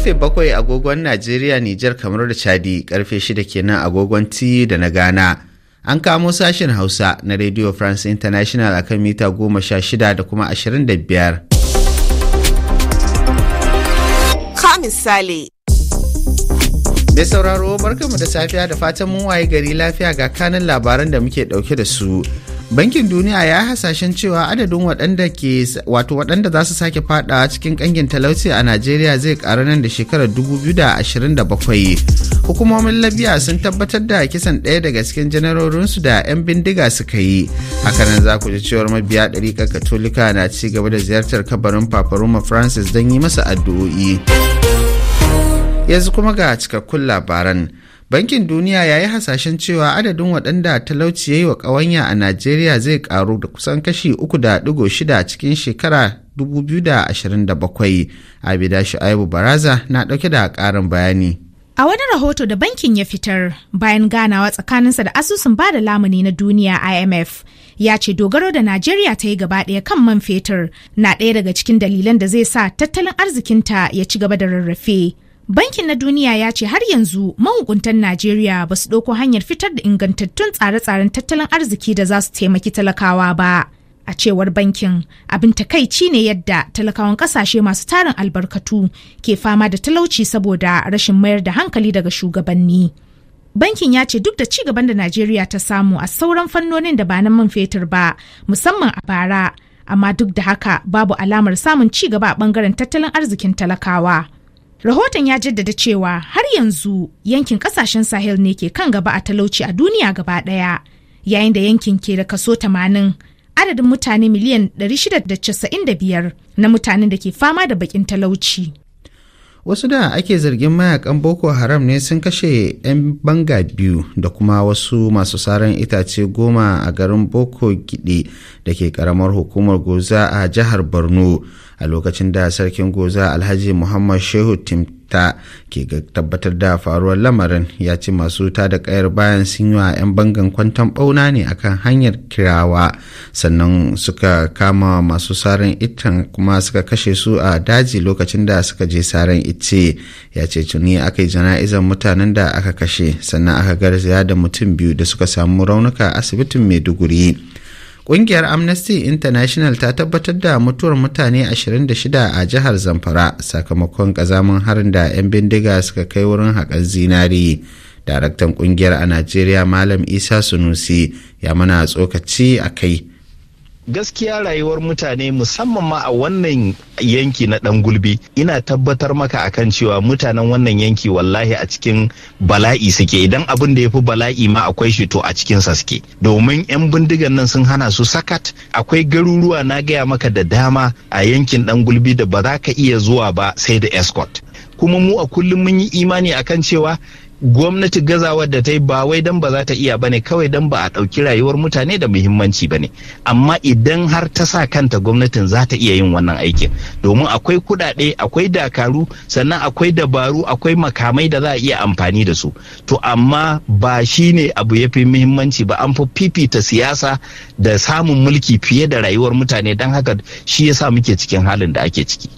karfe bakwai agogon Najeriya, Nijar, kamar da Chadi, karfe shida kenan agogon T da na Ghana. An kamo sashen Hausa na Radio France International akan mita goma sha shida da kuma ashirin da biyar. Ka misali. Mai sauraro barkanmu da safiya da fatan mun waye gari lafiya ga kanan labaran da muke dauke da su. bankin duniya ya hasashen cewa adadin waɗanda ke wato waɗanda za su sake fada cikin ƙangin talauci a najeriya zai ƙaru nan da shekarar 2027 hukumomin labiya sun tabbatar da kisan ɗaya daga cikin janarorinsu da 'yan bindiga suka yi hakanan za ku ji cewar mabiya ɗariƙar katolika na ci gaba da ziyartar kabarin Papa Roma francis don yi masa addu'o'i yanzu kuma ga cikakkun labaran bankin duniya ya yi hasashen cewa adadin waɗanda talauci ya yi wa ƙawanya a najeriya zai ƙaru da kusan kashi 3.6 cikin shekara 2027 abida shu'aibu baraza na ɗauke da ƙarin bayani A wani rahoto da bankin ya fitar bayan ganawa tsakaninsa da asusun ba da lamuni na duniya IMF ya ce dogaro da Najeriya ta yi gaba ɗaya kan man fetur na ɗaya daga cikin dalilan da zai sa tattalin arzikinta ya ci gaba da rarrafe. Bankin na duniya ya ce har yanzu mahukuntan Najeriya ba su ɗauko hanyar fitar da ingantattun tsare-tsaren tattalin arziki da za su taimaki talakawa ba. A cewar bankin, abin takaici ne yadda talakawan kasashe masu tarin albarkatu ke fama da talauci saboda rashin mayar da hankali daga shugabanni. Bankin ya ce duk da ci gaban da Najeriya ta samu a sauran fannonin da ba na man fetur ba, musamman a bara, amma duk da haka babu alamar samun ci gaba a bangaren tattalin arzikin talakawa. Rahoton ya jaddada cewa har yanzu yankin kasashen Sahel ne ke kan gaba a talauci a duniya gaba ɗaya, yayin da yankin ke da kaso 80 adadin mutane miliyan 695 na mutanen da ke fama da bakin talauci. Wasu da ake zargin mayakan Boko Haram ne sun kashe 'yan banga biyu da kuma wasu masu saran itace goma a garin Boko Gide da ke karamar hukumar Goza a jihar Borno. a lokacin da sarkin goza alhaji muhammad shehu timta ke tabbatar da faruwar lamarin ya ce masu ta da kayar bayan sun yi wa 'yan bangan kwantan bauna ne akan hanyar kirawa sannan suka kama masu sarin itan kuma suka kashe su a daji lokacin da suka je sarin ice ya ce tuni aka yi jana'izar mutanen da aka kashe sannan aka garzaya da mutum biyu da suka samu raunuka asibitin maiduguri Ƙungiyar Amnesty International ta tabbatar da mutuwar mutane 26 a jihar Zamfara sakamakon ƙazamin harin da 'yan bindiga suka kai wurin haƙar zinari. Daraktan ƙungiyar a Najeriya Malam Isa Sunusi ya mana tsokaci a kai gaskiya rayuwar mutane musamman ma a wannan yanki na dan gulbi ina tabbatar maka akan cewa mutanen wannan yanki wallahi a cikin bala'i suke idan abin da ya fi bala'i ma akwai shi to a cikin sa suke domin yan bindigan nan sun hana su sakat akwai garuruwa na gaya maka da dama a yankin dan gulbi da ba za ka iya zuwa ba sai da escort kuma mu a kullum mun yi imani akan cewa gwamnati gazawar da ta yi ba wai dan ba za ta iya bane kawai dan ba a ɗauki rayuwar mutane da muhimmanci bane amma idan har ta sa kanta gwamnatin za ta iya yin wannan aikin domin akwai kuɗaɗe akwai dakaru sannan akwai dabaru akwai makamai da za a iya amfani da su to amma ba shi ne abu ya fi muhimmanci ba an fi fifita siyasa da samun mulki fiye da rayuwar mutane don haka shi yasa muke cikin halin da ake ciki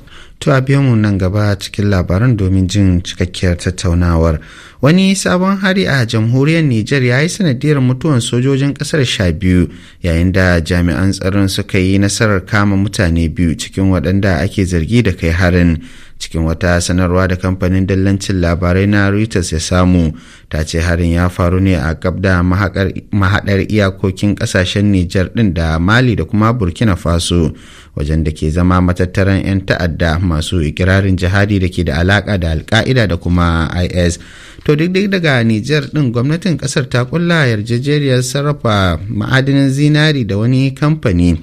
to a biyo mu nan gaba cikin labaran domin jin cikakkiyar tattaunawar wani sabon hari a jamhuriyar Nijar ya yi sanadiyar mutuwan sojojin kasar sha biyu yayin da jami'an tsaron suka yi nasarar kama mutane biyu cikin waɗanda ake zargi da kai harin cikin wata sanarwa da kamfanin dallancin labarai na reuters ya samu ta ce harin ya faru ne a gab da mahaɗar iyakokin ƙasashen nijar ɗin da mali da kuma burkina faso wajen da ke zama matattaran 'yan ta'adda masu ikirarin jihadi da ke da alaƙa da alka'ida da kuma is to duk daga nijar ɗin gwamnatin ƙasar ta kulla yarjejeriyar sarrafa ma'adinin zinari da wani kamfani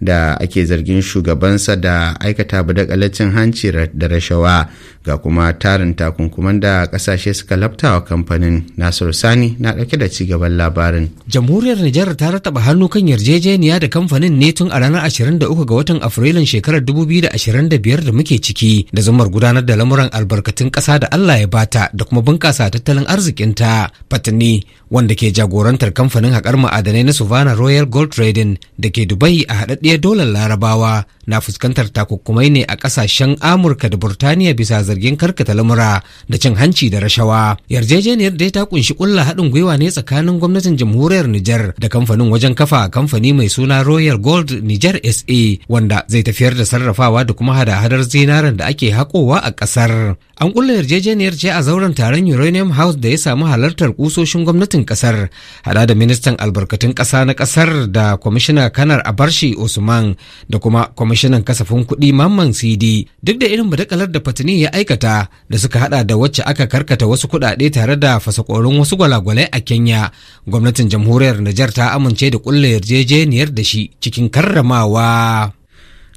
da ake zargin shugabansa da aikata badakalacin hanci da rashawa ga kuma tarin takunkuman da kasashe suka labtawa kamfanin nasiru sani na ɗauke da cigaban labarin jamhuriyar nijar ta rataba hannu kan yarjejeniya da kamfanin ne tun a ranar 23 ga watan afrilun shekarar 2025 da muke ciki da zumar gudanar da lamuran albarkatun ƙasa da allah ya bata da kuma bunƙasa tattalin arzikinta fatani wanda ke jagorantar kamfanin haƙar ma'adanai na suvana royal gold trading da ke dubai a haɗaɗɗe haɗaɗɗiyar dolar larabawa na fuskantar takunkumai ne a kasashen amurka da burtaniya bisa zargin karkata lamura da cin hanci da rashawa yarjejeniyar dai ta kunshi kulla haɗin gwiwa ne tsakanin gwamnatin jamhuriyar nijar da kamfanin wajen kafa kamfani mai suna royal gold nijar sa wanda zai tafiyar da sarrafawa da kuma hada-hadar zinaren da ake haƙowa a ƙasar an kulla yarjejeniyar ce a zauren taron uranium house da ya samu halartar kusoshin gwamnatin ƙasar hada da ministan albarkatun ƙasa na ƙasar da kwamishina kanar abarshi usman da kuma kwamishinan kasafin kuɗi mamman cd duk da irin badakalar da fatini ya aikata da suka hada da wacce aka karkata wasu kuɗaɗe tare da fasakorin wasu gwalagwalai a kenya gwamnatin jamhuriyar nijar ta amince da ƙulla yarjejeniyar da shi cikin karramawa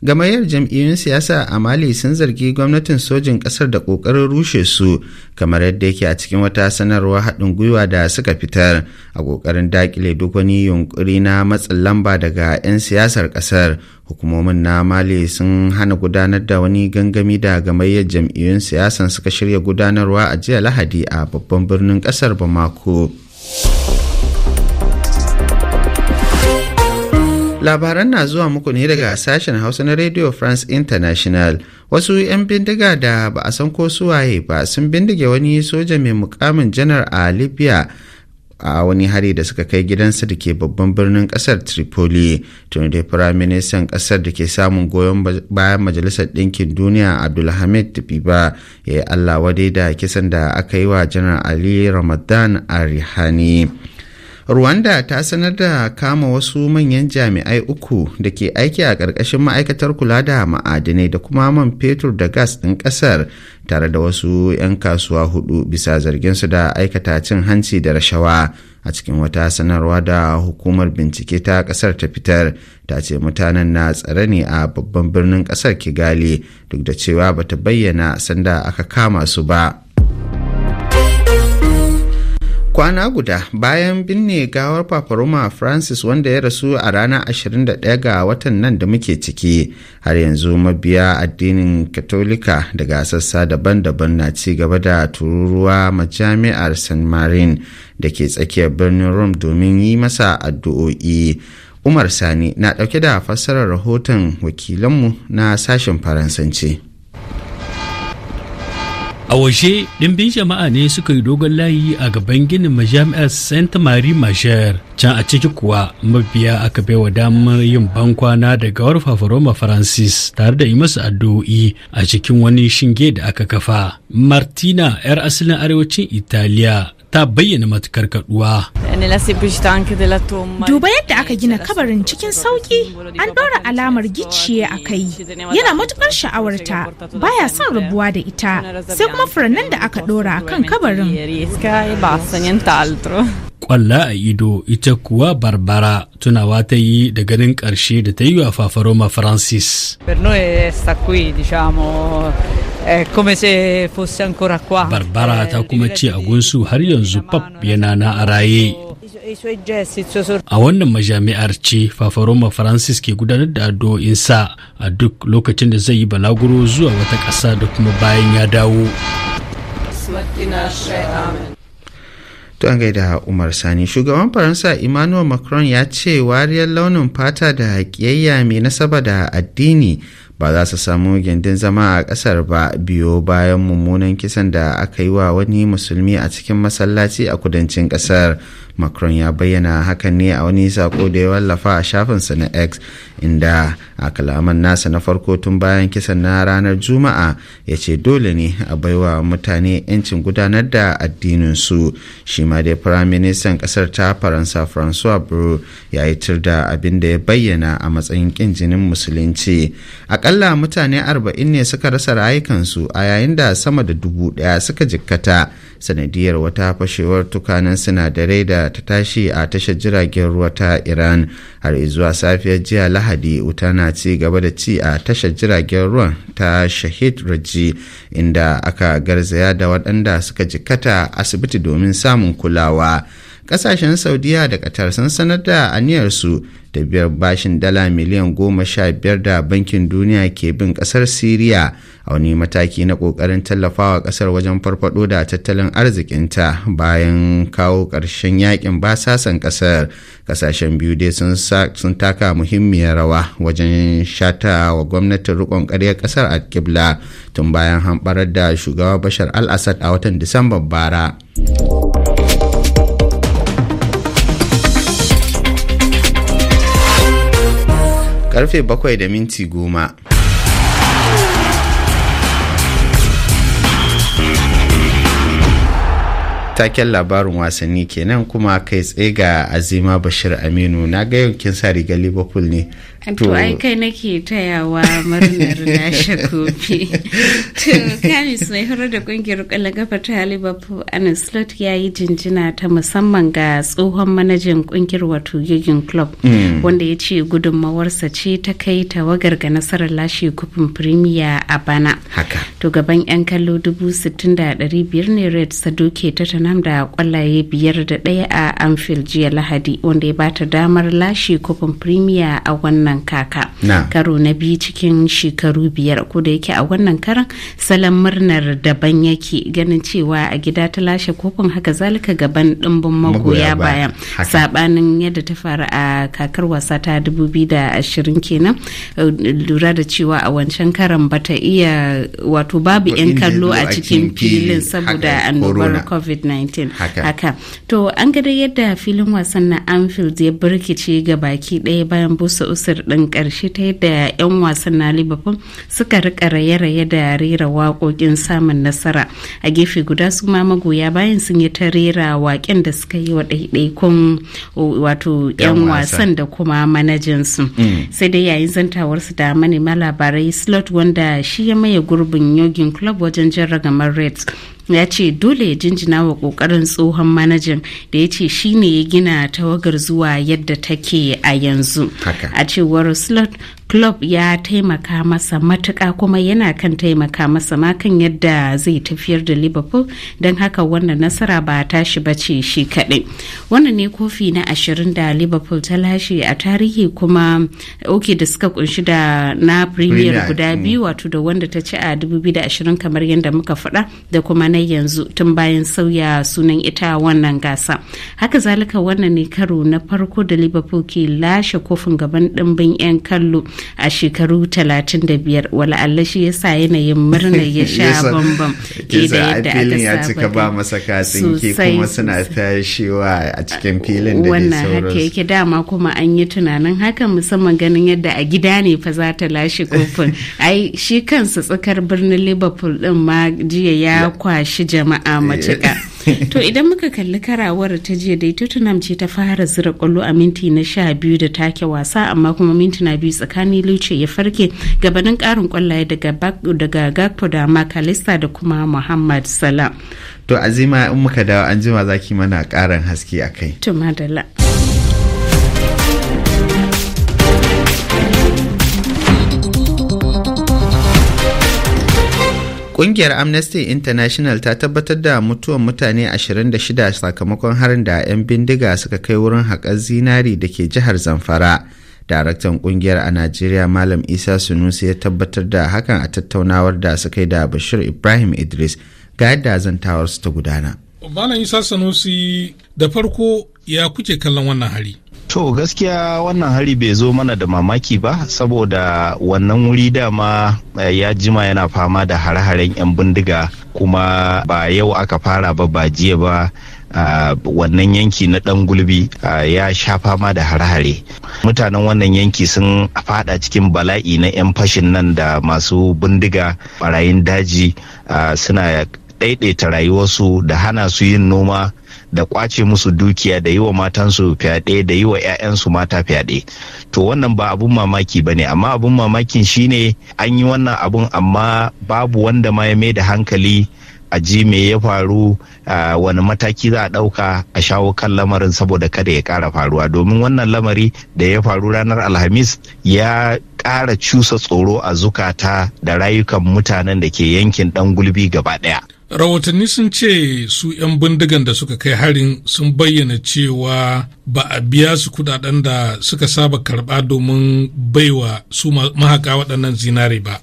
gamayyar jam'iyyun siyasa a mali sun zargi gwamnatin sojin kasar da kokarin rushe su kamar yadda yake a cikin wata sanarwa haɗin gwiwa da suka fitar a kokarin dakile duk wani yunkuri na matsin lamba daga 'yan siyasar kasar hukumomin na mali sun hana gudanar da wani gangami da gamayyar jam'iyyun siyasan suka shirya gudanarwa a jiya lahadi a babban birnin kasar bamako labaran na zuwa muku ne daga sashen hausa na radio france international wasu 'yan bindiga da ba a san ko suwaye ba sun bindige wani soja mai mukamin janar a libya a wani hari da suka kai gidansa da ke babban birnin kasar tripoli tuni da firaministan kasar da ke samun goyon bayan majalisar ɗinkin duniya abdulhamid tafiba ya yi allah wadai da kisan da aka yi wa janar ali ramadan Arihani. Rwanda ta sanar da kama wasu manyan jami'ai uku da ke aiki a ƙarƙashin ma'aikatar kula da ma'adinai da kuma man fetur da gas ɗin ƙasar tare da wasu 'yan kasuwa hudu bisa zarginsu da aikata cin hanci da rashawa. a cikin wata sanarwa da hukumar bincike ta ƙasar ta fitar ta ce mutanen na tsare ne a babban birnin ƙasar kigali duk da cewa bata bayyana sanda aka kama su ba. kwana guda bayan binne gawar paparoma francis wanda ya rasu a ranar 21 ga watan nan da muke ciki har yanzu mabiya addinin katolika daga sassa daban-daban na ci gaba da tururuwa majami'ar san marin da ke tsakiyar birnin rome domin yi masa addu'o'i umar sani na dauke da fassarar rahoton wakilanmu na sashen faransanci a washe ɗimbin jama'a ne suka yi dogon layi a gaban ginin majami'ar saint marie major can a ciki kuwa mabiya aka baiwa damar yin bankwana da gawar fafaroma francis tare da yi masu addu'o'i a cikin wani shinge da aka kafa martina 'yar asalin arewacin italiya ta bayyana matukar kaduwa. Duba yadda aka gina kabarin cikin sauki an ɗora alamar gicciye a kai yana matukar sha'awarta baya son rabuwa da ita sai kuma furannin da aka ɗora a kan kabarin. Kwalla a ido ita kuwa Barbara tunawa ta yi da ganin ƙarshe da ta yi wa Fafaroma Francis. come se fosse ancora qua. Barbara eh, ta kuma ce a gunsu har yanzu pap yana na a raye. A wannan majami'ar ce Fafaroma Francis ke gudanar da addu'o'insa a duk lokacin da zai yi balaguro zuwa wata ƙasa da kuma bayan ya dawo. To an gaida Umar Sani, shugaban Faransa Emmanuel Macron ya ce wariyar launin fata da ƙiyayya mai nasaba da addini ba za su samu gindin zama a ƙasar ba biyo bayan mummunan kisan da aka yi wa wani musulmi a cikin masallaci a kudancin ƙasar macron ya bayyana hakan ne a wani sako da ya wallafa a shafinsa na x inda a kalaman nasa na farko tun bayan kisan na ranar juma'a ya ce dole ne a baiwa mutane 'yancin gudanar da addininsu shi ma dai firaministan kasar ta faransa francois bru ya yi tur da abin da ya bayyana a matsayin kin jinin musulunci akalla mutane arba'in ne suka rasa rayukansu a yayin da sama da dubu ɗaya suka jikkata sanadiyar wata fashewar tukanan sinadarai da ta tashi a tashar jiragen ruwa ta iran har zuwa safiyar jiya lahadi wuta na ci gaba da ci a tashar jiragen ruwan ta shahid raji inda aka garzaya da waɗanda suka jikkata asibiti domin samun kulawa. kasashen saudiya da qatar sun sanar da aniyarsu da biyar bashin dala miliyan goma sha biyar da bankin duniya ke bin kasar siriya a wani mataki na kokarin tallafawa kasar wajen farfado da tattalin arzikinta bayan kawo ƙarshen yakin basasan kasar kasashen biyu dai sun taka muhimmiyar rawa wajen shata wa gwamnatin rikon ƙaryar kasar a kibla tun bayan hamɓarar da shugaba bashar al-assad a watan disamban bara. karfe 7 da minti 10 taken labarin wasanni kenan kuma kai tsaye ga azima bashir aminu na ga yau kin sa rigar liverpool ne to ai kai nake tayawa murnar lashe kofi to kamis mai horo da kungiyar kwallon kafa ta liverpool anna slot ya yi jinjina ta musamman ga tsohon manajan kungiyar wato gigin club hmm. wanda ya ce gudunmawarsa ce ta kai tawagar ga nasarar lashe kofin premier a bana to gaban yan kallo dubu sittin da ɗari biyar ne red doke ta tanam da kwallaye biyar da ɗaya a anfield jiya lahadi wanda ya bata damar lashe kufin premier a wannan wannan kaka karo na biyu cikin shekaru biyar ko da yake a wannan karan salon murnar daban yake ganin cewa a gida ta lashe kofin haka zalika gaban dimbin magoya bayan sabanin yadda ta faru a kakar wasa ta da ashirin kenan uh, lura da cewa a wancan karan bata iya wato babu 'yan kallo a cikin filin saboda annobar covid-19 haka to an gada yadda filin wasan na anfield ya birkice ga baki daya bayan busa usur ɗin ƙarshe ta yadda 'yan wasan na liverpool suka rika raye-raye da rera waƙoƙin samun nasara a gefe guda su ma magoya bayan sun yi ta rera waƙen da suka yi wa ɗaiɗaikun wato 'yan wasan da kuma manajinsu mm. sai dai yayin su da manema labarai slot wanda shi ya maye gurbin yogin club wajen jan ragamar reds ya ce dole ya jinjina wa kokarin tsohon manajan da ya ce shine ya gina tawagar zuwa yadda take a yanzu a cewar slot Klopp ya taimaka masa matuka kuma yana kan taimaka masa ma kan yadda zai tafiyar da liverpool don haka wannan nasara ba tashi ba ce shi kaɗai wannan ne kofi na ashirin da liverpool ta lashe a tarihi kuma oke da suka kunshi da na premier guda mm. biyu wato da wanda ta ci a 2020 kamar yadda muka faɗa da kuma na yanzu tun bayan sauya sunan ita wannan gasa haka zalika wannan ne karo na farko da liverpool ke lashe kofin gaban ɗimbin 'yan kallo a shekaru 35 Allah shi ya sa yanayin murna ya sha bambam da yadda aka cika ba masa kasin ke kuma suna tashiwa a cikin filin da wannan haka yake dama kuma an yi tunanin haka musamman ganin yadda a gida ne fa za ta lashe kofin ai shi kansa tsakar birnin liverpool din ma jiya ya kwashi jama'a eh, matuƙa to idan muka kalli karawar ta jiya dai tottenham ce ta fara zira kwallo a minti na sha biyu da take wasa amma kuma na biyu tsakanin luce ya farke gabanin karin kwallaye daga gakpo da makalista da kuma muhammad salah to azima in muka dawo an jima zaki mana karin haske akai to madalla Ƙungiyar Amnesty International ta tabbatar da mutuwar mutane 26 sakamakon harin da 'yan bindiga suka kai wurin haƙar zinari da ke jihar Zamfara. Daraktan ƙungiyar a Najeriya Malam Isa Sunusi ya tabbatar da hakan a tattaunawar da suka yi da Bashir Ibrahim Idris ga yadda zantawar su ta gudana. Malam Isa Sanusi da farko ya kuke kallon wannan hari? To gaskiya wannan hari bai zo mana da mamaki ba saboda wannan wuri dama eh, ya jima yana fama da hare-haren 'yan bindiga kuma ba yau aka fara ba ba jiya ba wannan yanki na dan gulbi ya sha fama da hare-hare mutanen wannan yanki sun fada cikin bala'i na 'yan fashin nan da masu bindiga barayin daji suna ɗaiɗaita rayuwarsu da hana su yin noma da kwace musu dukiya da yi wa matansu fyaɗe da yi wa 'ya'yansu mata fyaɗe to wannan ba abun mamaki ba ne amma abun mamakin shine an yi wannan abun amma babu wanda ma ya mai da hankali a ji me ya faru wani mataki za a ɗauka a shawo kan lamarin saboda kada ya ƙara faruwa domin wannan lamari da ya faru ranar alhamis ya ƙara cusa tsoro a zukata da rayukan mutanen da ke yankin ɗan gulbi gaba ɗaya. rahotanni sun ce su 'yan bindigan da suka kai harin sun bayyana cewa ba a biya su kudaden da suka saba karba domin baiwa su mahaƙa waɗannan zinare ba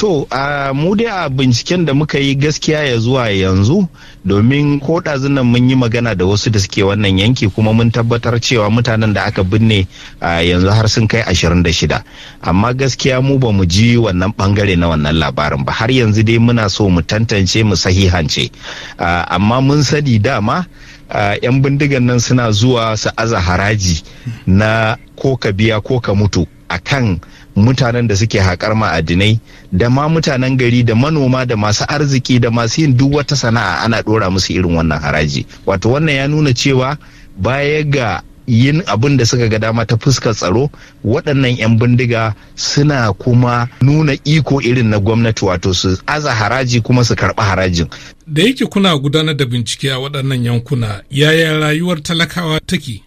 To, mu dai a binciken da muka yi gaskiya ya zuwa yanzu domin ko ɗazunan mun yi magana da wasu da suke wannan yanki kuma mun tabbatar cewa mutanen da aka binne a yanzu har sun kai ashirin da shida Amma gaskiya mu ba mu ji wannan bangare na wannan labarin ba har yanzu dai muna so mu tantance mu sahihance. amma mun sani dama. Uh, 'yan bindigan nan suna zuwa su aza haraji na ko ka biya ko ka mutu akan mutanen da suke haƙar ma'adinai da ma mutanen gari da manoma da masu arziki da masu yin duk wata sana'a ana ɗora musu irin wannan haraji wato wannan ya nuna cewa baya ga yin abin da suka ga dama ta fuskar tsaro waɗannan 'yan bindiga suna kuma nuna iko irin na gwamnati wato su aza haraji kuma su karɓi harajin. Da yake kuna gudanar da bincike a waɗannan yankuna yaya rayuwar talakawa take?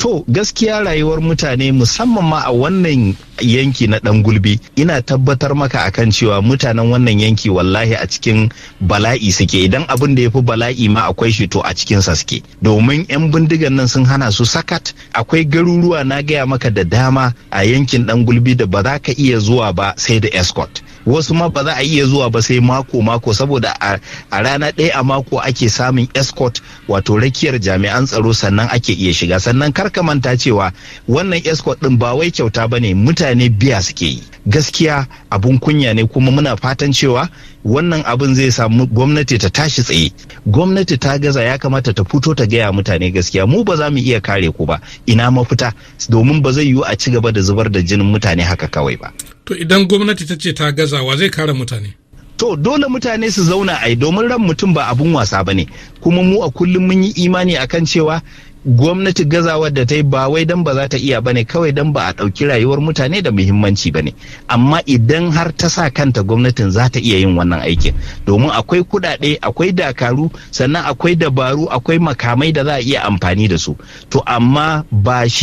to gaskiya rayuwar mutane musamman ma a wannan yanki na dan gulbi ina tabbatar maka akan cewa mutanen wannan yanki wallahi a cikin bala'i suke idan abin da yafi bala'i ma akwai shi to a cikin sa suke domin yan bindigan nan sun hana su sakat akwai garuruwa na gaya maka da dama a yankin dan gulbi da ba za ka iya zuwa ba sai da escort wasu ma ba za a iya zuwa ba sai mako mako saboda a rana ɗaya a mako ake samun escort wato rakiyar jami'an tsaro sannan ake iya shiga sannan kar ka manta cewa wannan escort din ba wai kyauta ba ne mutane biya suke yi gaskiya abun kunya ne kuma muna fatan cewa wannan abin zai samu gwamnati ta tashi tsaye gwamnati ta gaza ya kamata ta fito ta gaya mutane gaskiya mu ba za mu iya kare ku ba ina mafita domin ba zai yiwu a ci gaba da zubar da jinin mutane haka kawai ba To idan gwamnati ta ce ta gazawa zai kare mutane. To dole mutane su zauna ai domin ran mutum ba abun wasa ba ne, kuma mu a kullum mun yi imani akan cewa gwamnati gazawar da ta yi ba wai dan ba za ta iya ba ne kawai dan ba a ɗauki rayuwar mutane da muhimmanci ba ne amma idan har ta sa kanta gwamnatin za ta iya yin wannan aikin domin akwai kuɗaɗe akwai dakaru sannan akwai dabaru akwai makamai da za a iya amfani da su to amma ba shi